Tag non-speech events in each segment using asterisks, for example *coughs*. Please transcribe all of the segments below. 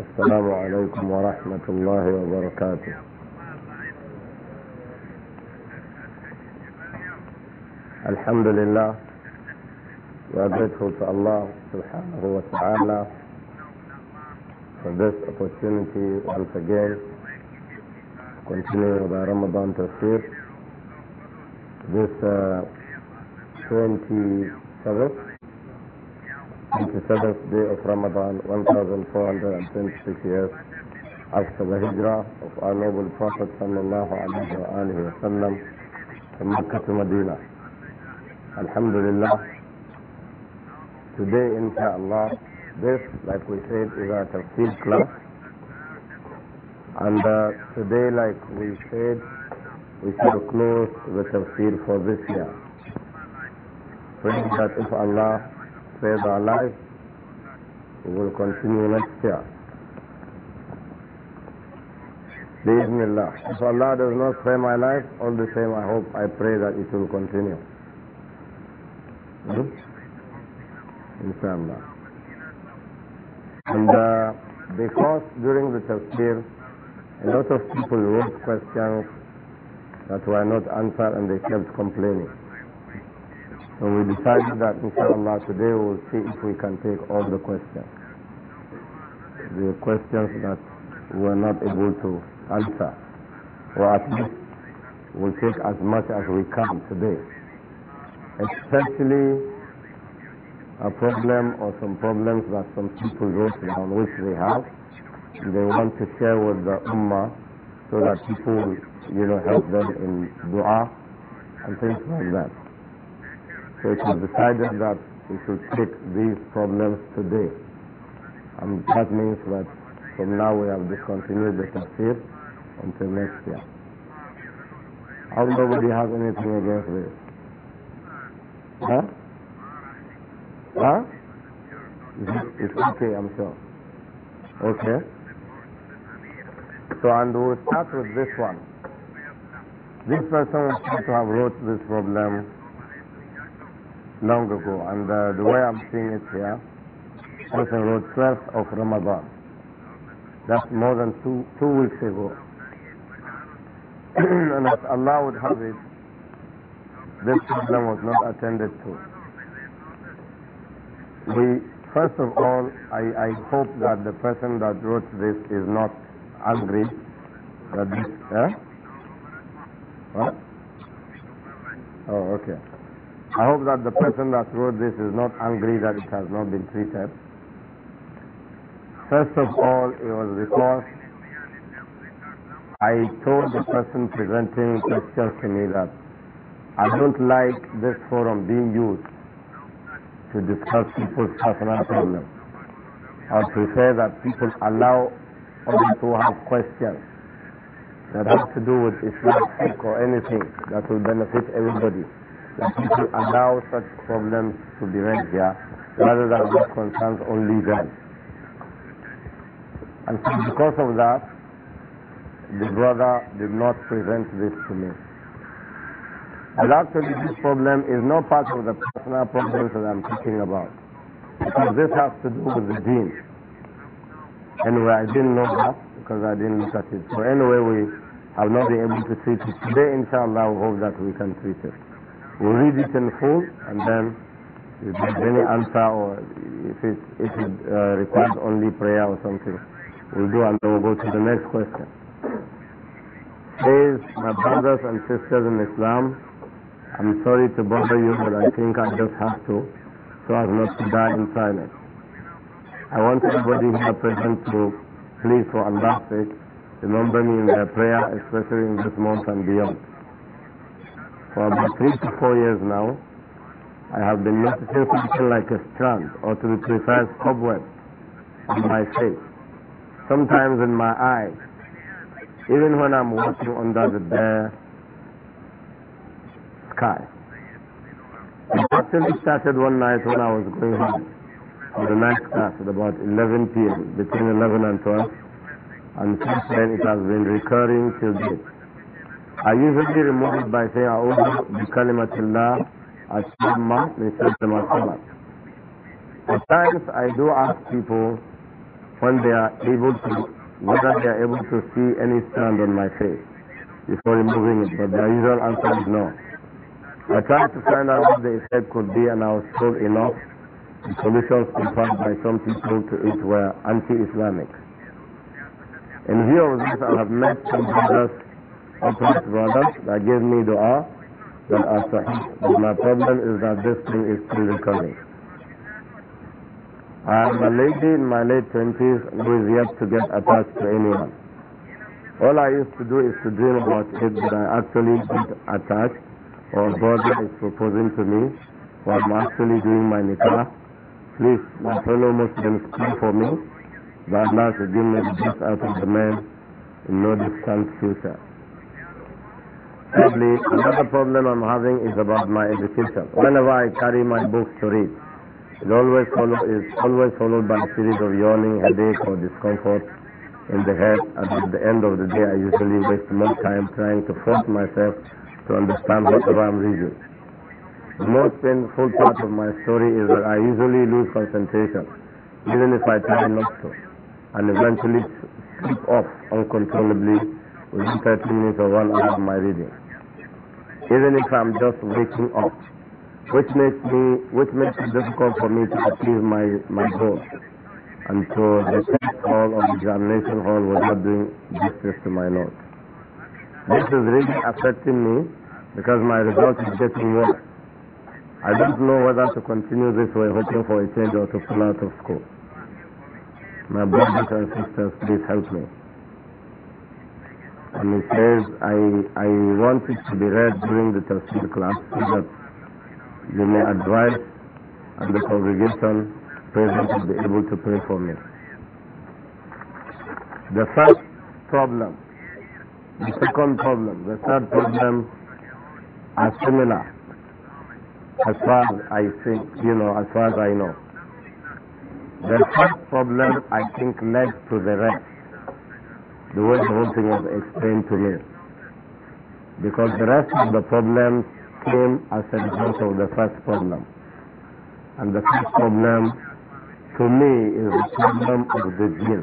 السلام عليكم ورحمة الله وبركاته الحمد لله are الله سبحانه وتعالى for this opportunity once again continue with our Ramadan tafsir this uh, 27th 27th day of Ramadan, 1426 years after the hijrah of our noble Prophet sallallahu alayhi wa alihi wa sallam from Mecca to Medina. Alhamdulillah, today inshaAllah, this, like we said, is our tafsir class. And uh, today, like we said, we shall close the tafsir for this year. Praying that if Allah spared our life, we will continue next year. Bismillah. If Allah does not spare my life, all the same I hope, I pray that it will continue. Hmm? Inshallah. And uh, because during the tafsir, a lot of people wrote questions that were not answered and they kept complaining. So we decided that inshallah today we'll see if we can take all the questions. The questions that we're not able to answer. Or at least we'll take as much as we can today. Especially a problem or some problems that some people wrote down which they have. They want to share with the Ummah so that people, you know, help them in dua and things like that. So it decided that we should treat these problems today. And that means that from now we have discontinued the tafsir until next year. How nobody has anything against this? Huh? Huh? It's okay, I'm sure. Okay? So, and we'll start with this one. This person seems to have wrote this problem long ago, and uh, the way I'm seeing it here, Prophet wrote 12th of Ramadan. That's more than two, two weeks ago. *clears throat* and as Allah would have it, this problem was not attended to. We, first of all, I, I hope that the person that wrote this is not angry that this, eh? What? Oh, okay. I hope that the person that wrote this is not angry that it has not been treated. First of all, it was because I told the person presenting questions to me that I don't like this forum being used to discuss people's personal problems. I prefer that people allow others to have questions that have to do with Islam or anything that will benefit everybody that people allow such problems to be raised here rather than what concerns only them. And so because of that, the brother did not present this to me. And actually this problem is not part of the personal problems that I'm talking about. Because this has to do with the deen. Anyway, I didn't know that because I didn't look at it. So anyway, we have not been able to treat it. Today, inshallah, we hope that we can treat it we read it in full and then if there's any answer or if it, if it uh, requires only prayer or something, we'll do and then we'll go to the next question. Says, my brothers and sisters in Islam, I'm sorry to bother you, but I think I just have to, so as not to die in silence. I want everybody here present to please, for Allah's sake, remember me in their prayer, especially in this month and beyond. For about three to four years now, I have been noticing something like a strand, or to be precise, cobweb on my face, sometimes in my eyes, even when I'm walking under the bare sky. It actually started one night when I was going home for the night class at about 11 p.m., between 11 and 12, and since then it has been recurring till date. I usually remove it by saying أعوذ بكلمة الله التامة من شر ما خلق. Sometimes I do ask people when they are able to whether they are able to see any sand on my face before removing it, but their usual answer is no. I tried to find out what the effect could be and I was told enough. The solutions proposed by some people to it were anti-Islamic. In view of this, I have met some brothers upright brothers that give me dua that are sahih. But my problem is that this thing is still recurring. I am a lady in my late twenties who is yet to get attached to anyone. All I used to do is to dream about it, but I actually get attached or brother is proposing to me or I'm actually doing my nikah. Please, my fellow Muslims, pray for me that Allah should give me the best out of the man in no distant future. Probably another problem I'm having is about my education. Whenever I carry my books to read, it always follow, is always followed by a series of yawning, headache or discomfort in the head and at the end of the day I usually waste more time trying to force myself to understand whatever I'm reading. The most painful part of my story is that I usually lose concentration, even if I try not to, and eventually slip off uncontrollably within 30 minutes or one hour of my reading even if I'm just waking up, which makes me, which makes it difficult for me to achieve my, my goals. And so the test hall or examination hall was not doing justice to my notes. This is really affecting me because my result is getting worse. I don't know whether to continue this way, hoping for a change or to pull out of school. My brothers and sisters, please help me. And he says, I, I want it to be read during the tafsir class so that they may advise and the congregation present will be able to pray for me. The first problem, the second problem, the third problem are similar as far as I think, you know, as far as I know. The first problem I think led to the rest the way the whole thing was explained to me. Because the rest of the problems came as a result of the first problem. And the first problem to me is the problem of the jinn.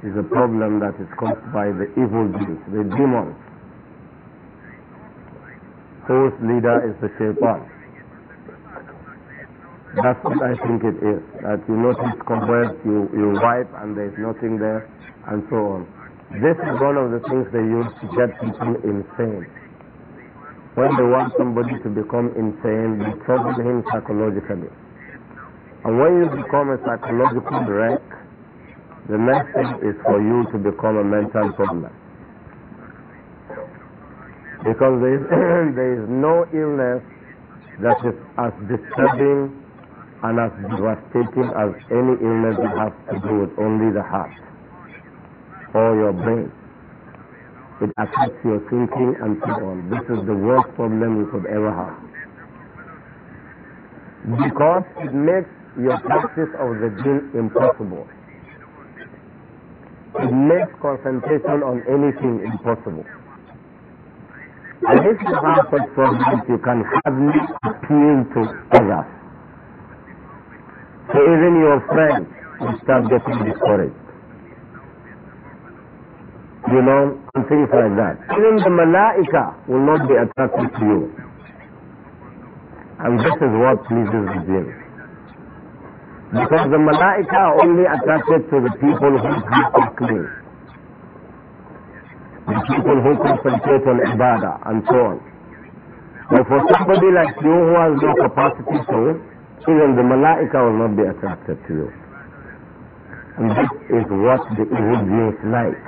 Is a problem that is caused by the evil beings, the demons, whose leader is the shaitan. That's what I think it is. That you notice cobwebs, you, you wipe and there's nothing there, and so on. This is one of the things they use to get people insane. When they want somebody to become insane, they trouble him psychologically. And when you become a psychological wreck, the next thing is for you to become a mental problem. Because there is, *coughs* there is no illness that is as disturbing and as devastating as any illness that has to do with only the heart or your brain. It affects your thinking and so on. This is the worst problem you could ever have. Because it makes your practice of the deen impossible. It makes concentration on anything impossible. And if you have such problems, you can hardly appeal to others. So even your friends will start getting discouraged. You know, and things like that. Even the malaika will not be attracted to you. And this is what pleases the jinn. Because the malaika are only attracted to the people who keep it clean. The people who concentrate on ibadah and so on. But for somebody like you who has no capacity to even the malaika will not be attracted to you. And this is what the evil beings like.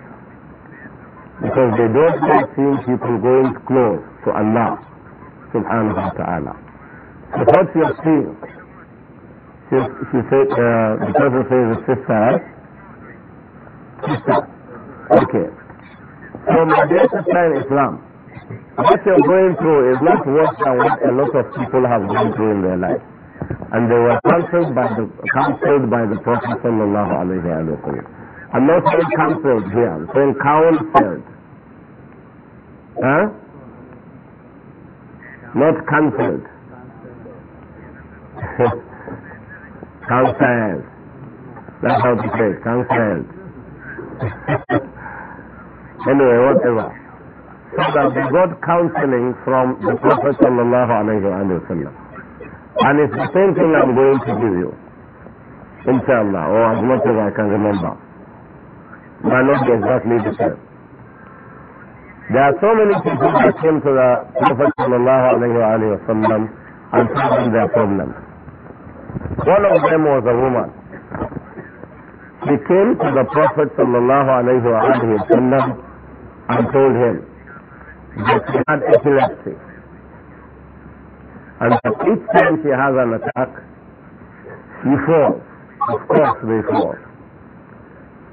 Because they don't like seeing people going close to Allah subhanahu wa ta'ala. So what you are seeing, she, she said, uh, the person says the sister, right? Sister. Okay. So my dear sister in Islam, what you're going through is not worse than what a lot of people have gone through in their life. And they were counseled by the, counseled by the Prophet sallallahu alaihi wasallam. sallam. I'm not saying counseled here, saying counseled. Huh? Not counselled. *laughs* Counselled. That's how to say counselled. *laughs* anyway, whatever. So that they got counseling from the Prophet sallallahu alaihi wasallam. And it's the same thing I'm going to give you. Inshallah, or oh, as much as I can remember. Might not exactly the same. There are so many people that came to the Prophet wasallam and told him their problems. One of them was a woman. She came to the Prophet wasallam and told him that she had epilepsy. And the each time she has an attack, she falls. Of course they fall.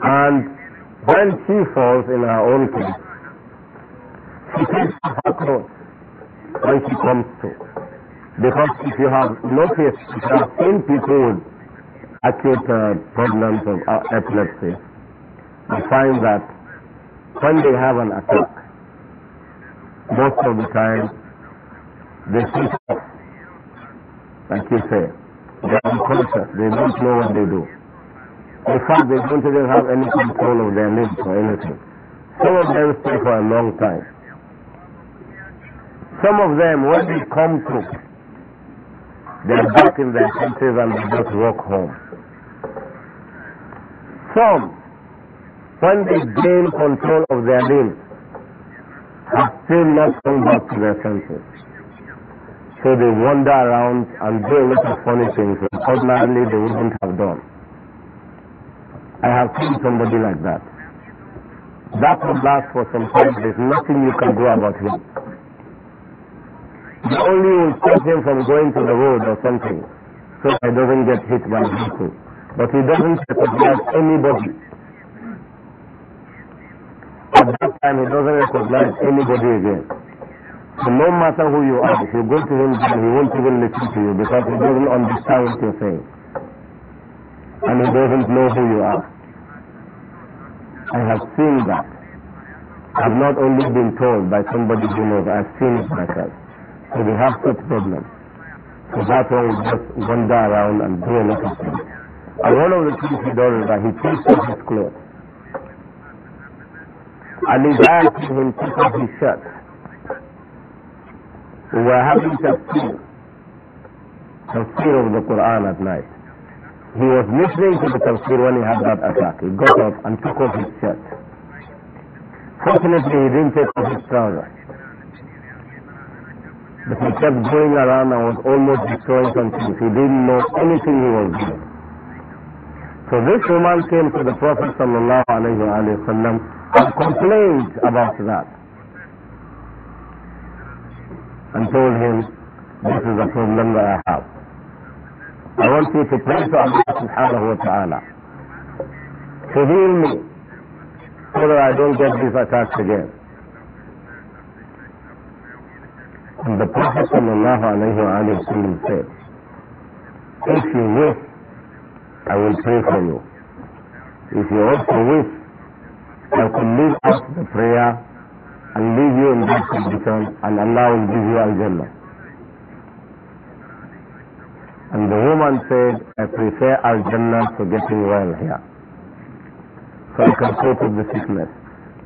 And when she falls in her own case, she takes off her clothes when she comes to. Because if you have noticed, if you have seen people with acute uh, problems of uh, epilepsy, you find that when they have an attack, most of the time they switch off like you say. They are unconscious. They don't know what they do. In fact, they don't even have any control of their limbs or anything. Some of them stay for a long time. Some of them, when they come to, they are back in their countries and they just walk home. Some, when they gain control of their limbs, have still not come back to their senses. So they wander around and do a lot of funny things that ordinarily they wouldn't have done. I have seen somebody like that. That will last for some time. There's nothing you can do about him. The only will stop him from going to the road or something so he doesn't get hit by people. But he doesn't recognize anybody. At that time, he doesn't recognize anybody again. So no matter who you are, if you go to him, then he won't even listen to you because he doesn't understand what you're saying. And he doesn't know who you are. I have seen that. I've not only been told by somebody who knows, I've seen it myself. So we have such problems. So that's why we just wander around and do a lot of things. And one of the things he does is that he takes off his clothes. And he's asking him to take off his shirt were having tafsir, tafsir of the Quran at night. He was listening to the tafsir when he had that attack. He got up and took off his shirt. Fortunately, he didn't take off his trousers. But he kept going around and was almost destroying something. He didn't know anything he was doing. So this woman came to the Prophet ﷺ and complained about that and told him, this is a problem that I have. I want you to pray to Allah subhanahu wa ta'ala. To heal me so that I don't get these attacks again. And the Prophet sallallahu alayhi wa said, if you wish, I will pray for you. If you also wish, I can leave out the prayer and leave you in that condition and Allah will give you Al-Jannah. And the woman said, I prefer Al-Jannah to getting well here. So I can cope with the sickness.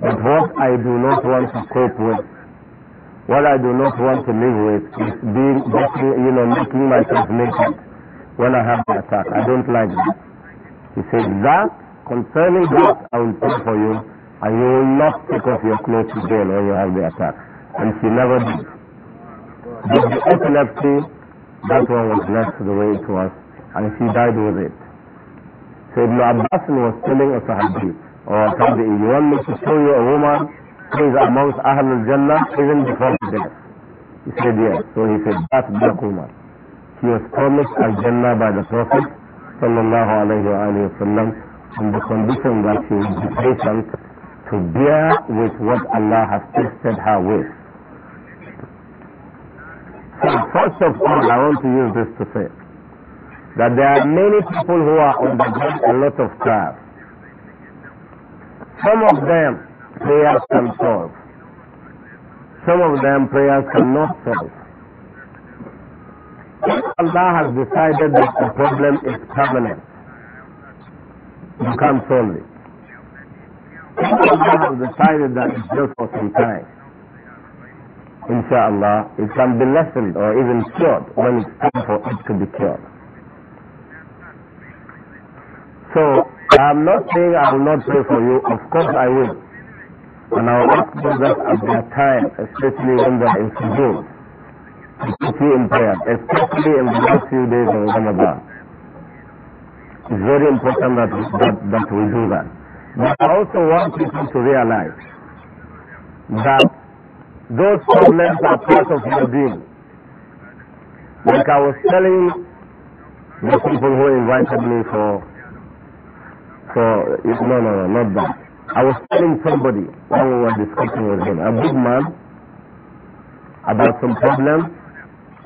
But what I do not want to cope with, what I do not want to live with is being, you know, making myself naked when I have the attack. I don't like that. He said, that, concerning that, I will pray for you and you will not take off your clothes again when you have the attack. And she never did. But the epilepsy, that one was left the way it was, and she died with it. So Ibn Abbas was telling a Sahabi, or a Tabi'i, you want me to show you a woman who is amongst Ahlul Jannah even before death? He said yes. So he said, that black woman. She was promised Al Jannah by the Prophet sallallahu alayhi wa sallam on the condition that she would be patient to bear with what Allah has tested her with. So first of all, I want to use this to say that there are many people who are undergoing a lot of trials. Some of them prayers can solve. Some of them prayers cannot solve. If Allah has decided that the problem is permanent, you can't solve it. People have decided that it's just for some time. Insha'Allah, it can be lessened or even cured when it's time for it to be cured. So, I'm not saying I will not pray for you. Of course I will. And I will ask that at that time, especially when there is are in to put you in prayer, especially in the last few days of Ramadan. It's very important that, that, that we do that. But I also want people to realize that those problems are part of your being. Like I was telling the people who invited me for, for no, no, no, not that. I was telling somebody while we were discussing with him, a big man, about some problems.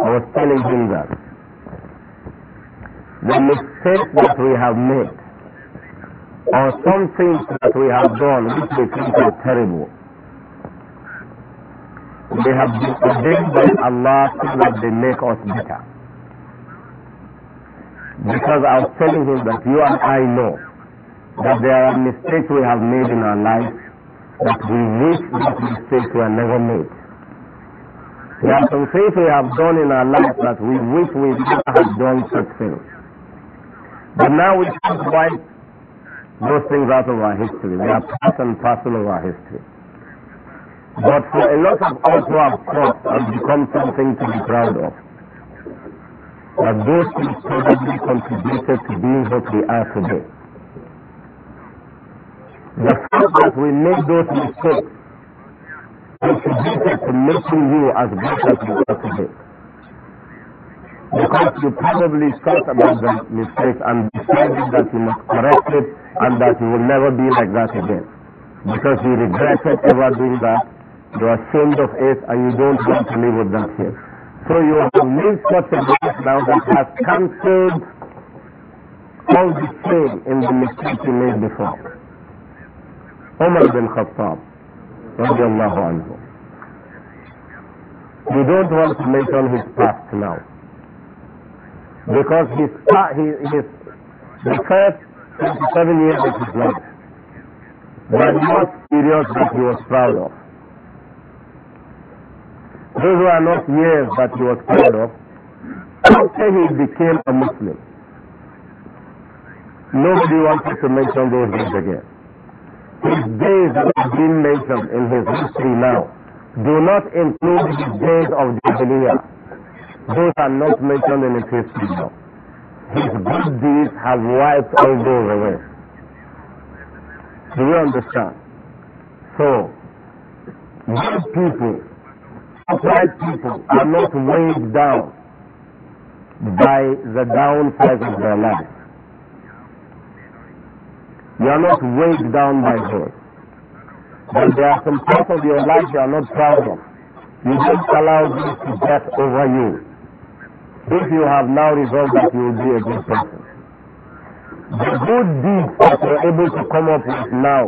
I was telling him that the mistake that we have made or some things that we have done which we think are terrible. They have been ordained by Allah so that they make us better. Because I was telling him that you and I know that there are mistakes we have made in our life that we wish that mistakes were never made. There are some things we have done in our life that we wish we never had done such things. But now we can't wipe those things out of our history. They are part and parcel of our history. But for a lot of us who have fought have become something to be proud of. That those things probably contributed to being what we are today. The fact that we made those mistakes contributed to making you as great as you are today because you probably thought about that mistake and decided that you must correct it and that you will never be like that again. Because you regretted ever doing that, you are ashamed of it and you don't want to live with that here. So you have lived such a life now that has cancelled all the shame in the mistake you made before. Umar bin Khattab, radiallahu anhu. You don't want to mention his past now because he, he, he is the first 27 years of his life were not periods that he was proud of. Those were not years that he was proud of after he became a Muslim. Nobody wanted to mention those days again. His days that have been mentioned in his history now do not include his days of Jubilee. Those are not mentioned in the history His good deeds have wiped all those away. Do you understand? So, good people, upright people are not weighed down by the downsides of their life. You are not weighed down by those. But there are some parts of your life you are not proud of. You don't allow this to get over you if you have now resolved that you will be a good person. The good deeds that you're able to come up with now,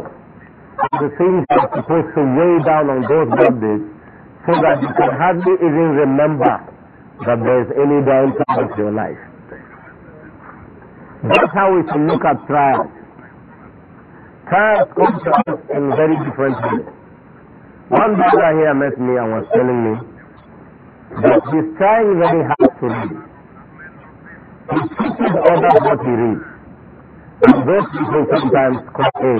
are the things that are supposed to weigh down on those bad deeds, so that you can hardly even remember that there is any downside of your life. That's how we should look at trials. Trials come to us in very different ways. One brother here met me and was telling me but he's trying very hard to read. He teaches others what he reads. And those people sometimes call A,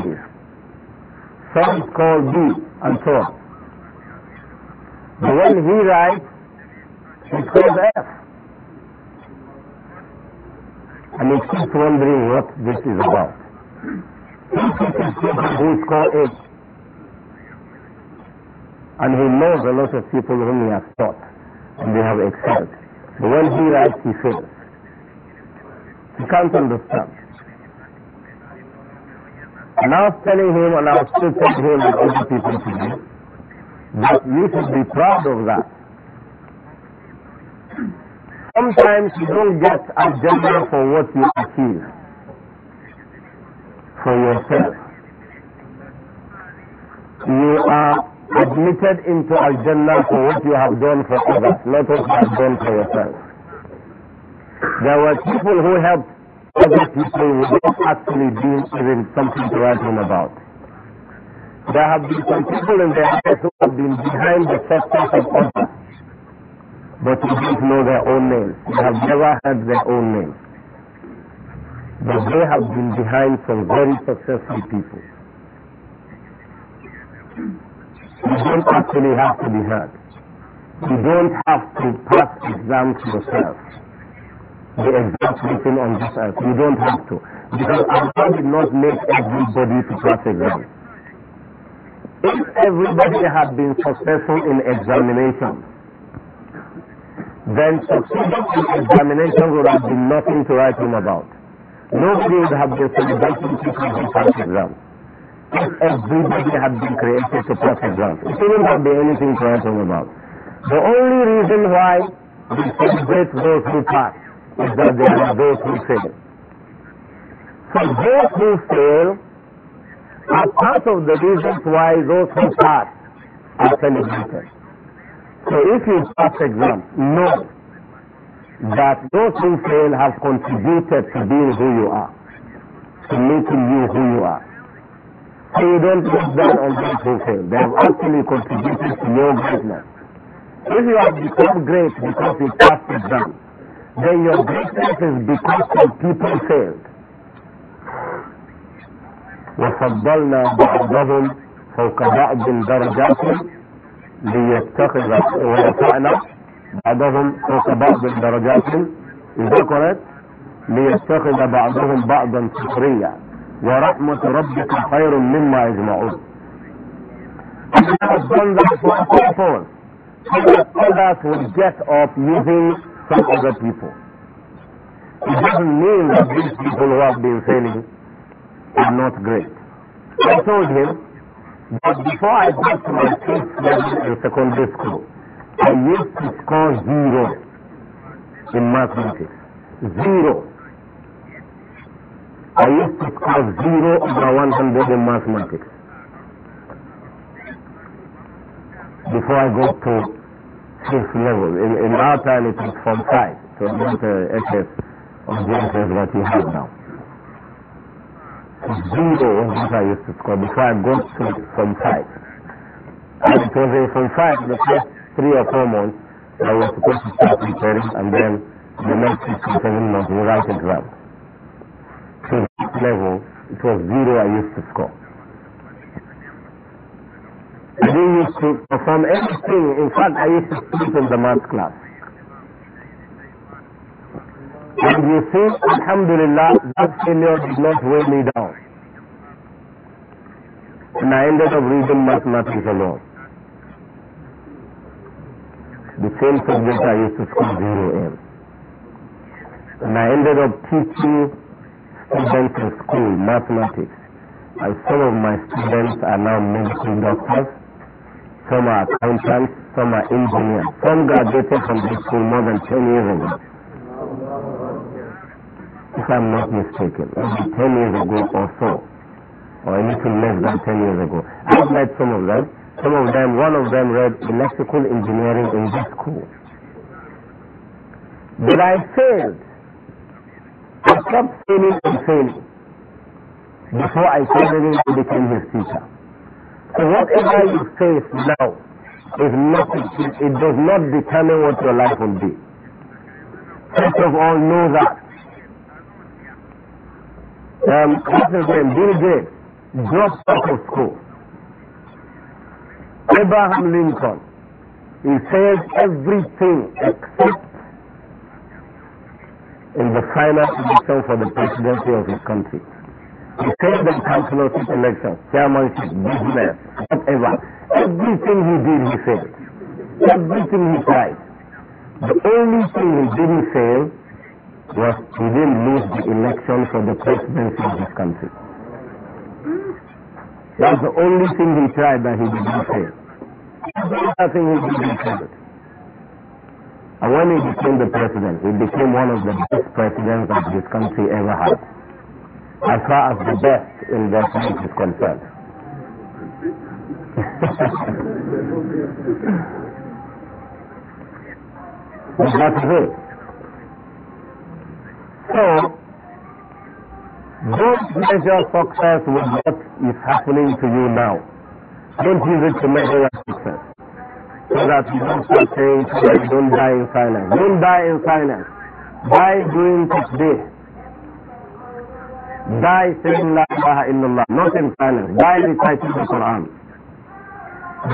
some call B, and so on. But when he writes, he calls F. And he keeps wondering what this is about. He teaches people who A. And he knows a lot of people whom he has taught and they have excelled. But when he writes, he fails. He can't understand. And I was telling him, and I was still telling him that other people to do, that you should be proud of that. Sometimes you don't get a agenda for what you achieve for yourself. You are admitted into Al-Jannah for what you have done for others, not what you have done for yourself. There were people who helped other people without actually doing even something to write home about. There have been some people in the house who have been behind the success of others, but you don't know their own names. You have never heard their own names. But they have been behind some very successful people. You don't actually have to be heard. You don't have to pass exams yourself. The exams written on this earth. You don't have to. Because Allah did not make everybody to pass exams. If everybody had been successful in examination, then succeeding in examination would have been nothing to write home about. Nobody would have been celebrating people who pass exams everybody had been created to perfect love, it wouldn't have been anything to write home about. The only reason why we celebrate those who pass is that there are those who fail. So those who fail are part of the reasons why those who pass are celebrated. So if you pass exam, know that those who fail have contributed to being who you are, to making you who you are. So you don't put down on those who They have actually contributed to your greatness. If you have become great because you passed exam, then your greatness is because some people failed. وفضلنا بعضهم فوق بعض درجات ليتخذ ورفعنا بعضهم فوق بعض درجات إذا قلت ليتخذ بعضهم بعضا سخريا ورحمة ربك خير مما يجمعون others will get off using some other people. It doesn't mean that these people who have been failing are not great. I told him that before I got to my fifth level in secondary school, I used to score zero in mathematics. Zero. I used to score zero over 100 in mathematics. Before I got to fifth level. In, in our time it was from five, so not as SS as what you have now. zero was what I used to score before I got to from five. And it was in from five the first three or four months I was supposed to start preparing and then the next six or seven months without exams to that level, it was zero I used to score. I didn't used to perform everything. In fact, I used to sleep in the math class. And you see, Alhamdulillah, that failure did not weigh me down. And I ended up reading mathematics alone. The same subject I used to score zero in. And I ended up teaching students in school, mathematics, and some of my students are now medical doctors, some are accountants, some are engineers. Some graduated from this school more than 10 years ago. If I'm not mistaken, maybe 10 years ago or so, or a little less than 10 years ago. I've met some of them. Some of them, one of them read electrical engineering in this school. But I failed stop aiming and failing before I finally became his teacher. So whatever you face now is nothing. It does not determine what your life will be. First of all, know that. Um, what's his name? Bill Gates dropped out of school. Abraham Lincoln, he failed everything except in the final election for the presidency of his country. He said that councilorship elections, chairmanship, business, whatever. Everything he did, he failed. Everything he tried. The only thing he didn't fail was he didn't lose the election for the presidency of his country. That's the only thing he tried that he did not fail. Nothing he did, not fail. And when he became the president, he became one of the best presidents that this country ever had, as far as the best in that country is concerned. but *laughs* that is it. So, don't measure success with what is happening to you now. Don't use it to measure your success so that you don't start saying so don't die in silence. Don't die in silence. Die doing today. Die saying la ilaha illallah, not in silence. Die reciting the Quran.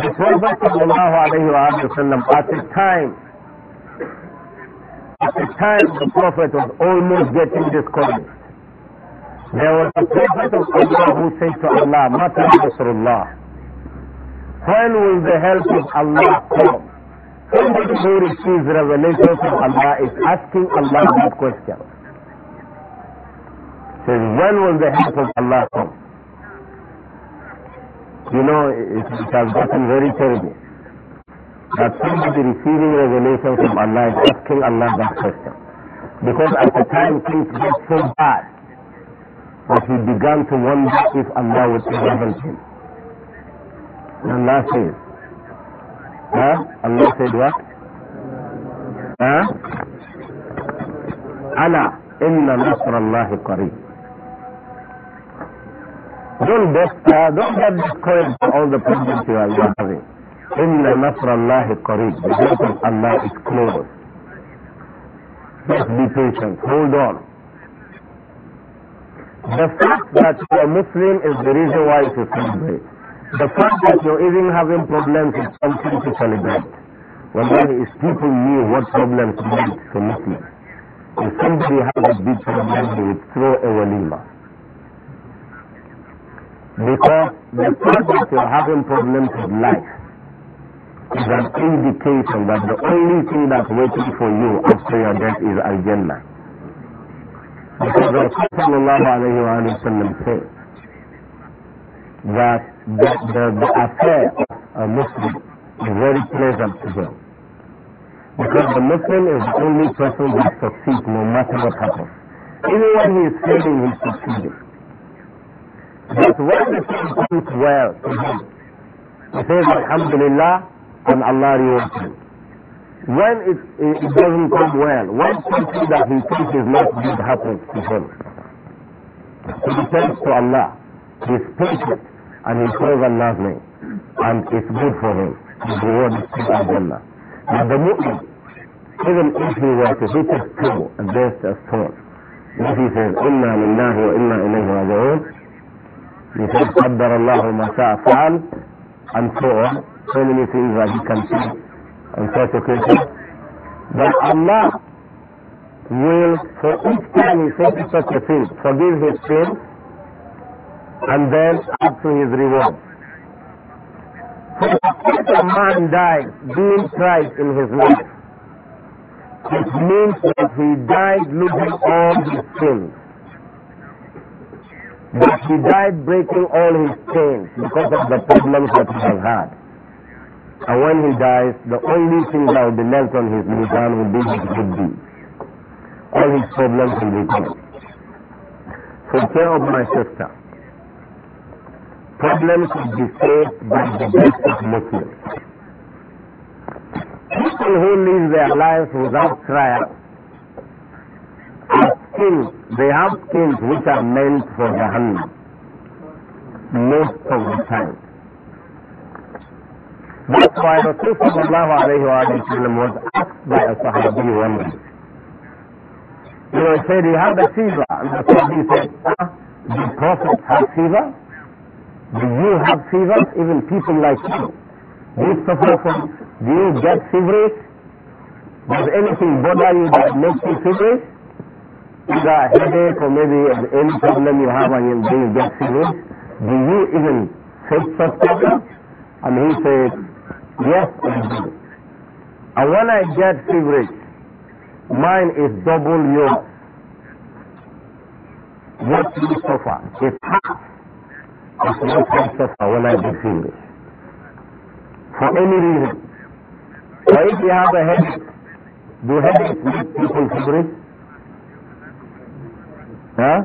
The Prophet sallallahu alayhi wa sallam at the time at the time the Prophet was almost getting discouraged. There was a prophet of Allah who said to Allah, Mata Nasrullah. When will the help of Allah come? Somebody who receives revelation from Allah is asking Allah that question. Says, when will the help of Allah come? You know, it, it has gotten very terrible. That somebody receiving revelation from Allah is asking Allah that question. Because at the time things got so bad that he began to wonder if Allah would ever help him. Allah says. Huh? Allah said what? Huh? Allah, inna nasrallahi qareeb. Don't get, uh, don't get discouraged by all the problems you are having. Inna nasrallahi qareeb. The help of Allah is close. Just be patient. Hold on. The fact that you are Muslim is the reason why you should celebrate. The fact that you're even having problems is something to celebrate. Wallahi, if people knew what problems meant for Muslims, if somebody has a big problem, they would throw a walima. Because the fact that you're having problems with life is an indication that the only thing that's waiting for you after your death is Al-Jannah. Because Rasulullah said, that, the, the affair of a Muslim is very pleasant to them. Because the Muslim is the only person who succeeds no matter what happens. Even when he is failing, he is succeeding. But when the thing well to him, he says, Alhamdulillah, and Allah rewards him. When it, it, it doesn't come well, when something that he thinks is not good happens to him, he turns to Allah. He is patient and he says Allah's name. And it's good for him. His reward is Jannah. But the mu'min, even if he were to hit a stone against burst a stone, if he says, إِنَّا لِلَّهِ Inna إِلَيْهِ رَاجِعُونَ He says, قَدَّرَ اللَّهُ مَا شَاءَ فَعَلْ And so on. So many things that he can see on such occasions. But Allah will, for each time he says such a thing, forgive his sins and then up to his reward. For if a man dies being tried in his life, it means that he died losing all his sins. But he died breaking all his chains because of the problems that he has had. And when he dies, the only thing that will be left on his mizan will be his good deeds. All his problems will be gone. So care of my sister problem should be faced by the best of Muslims. People who live their lives without trial are skins, they have skills which are meant for the hand most of the time. That's why Rasul sallallahu alayhi wa sallam was asked by a Sahabi one day. You know, he said "You have a fever, and the Sahabi said, ah, the Prophet has fever? Do you have fever? Even people like you. Do you suffer from, do you get feverish? Does anything bother you that makes you feverish? Either a headache or maybe any problem you have and you get feverish? Do you even face such problems? And he said, yes, I do. And when I get feverish, mine is double yours. What you suffer It's half does not answer Tawala this English. For any reason. Or if you have a headache, do headaches make people feverish? Huh?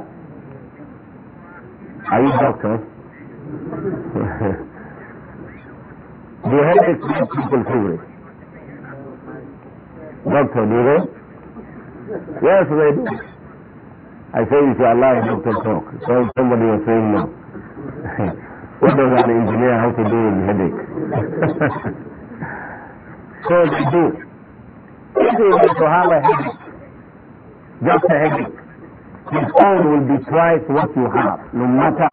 Are you doctors? *laughs* do headaches make people feverish? Doctor, do they? Yes, they do. I say, you Inshallah, doctor talk. So somebody was saying no what does an engineer have to do with headache? *laughs* so they do. If you want to have a headache, just a headache, the phone will be twice what you have, no matter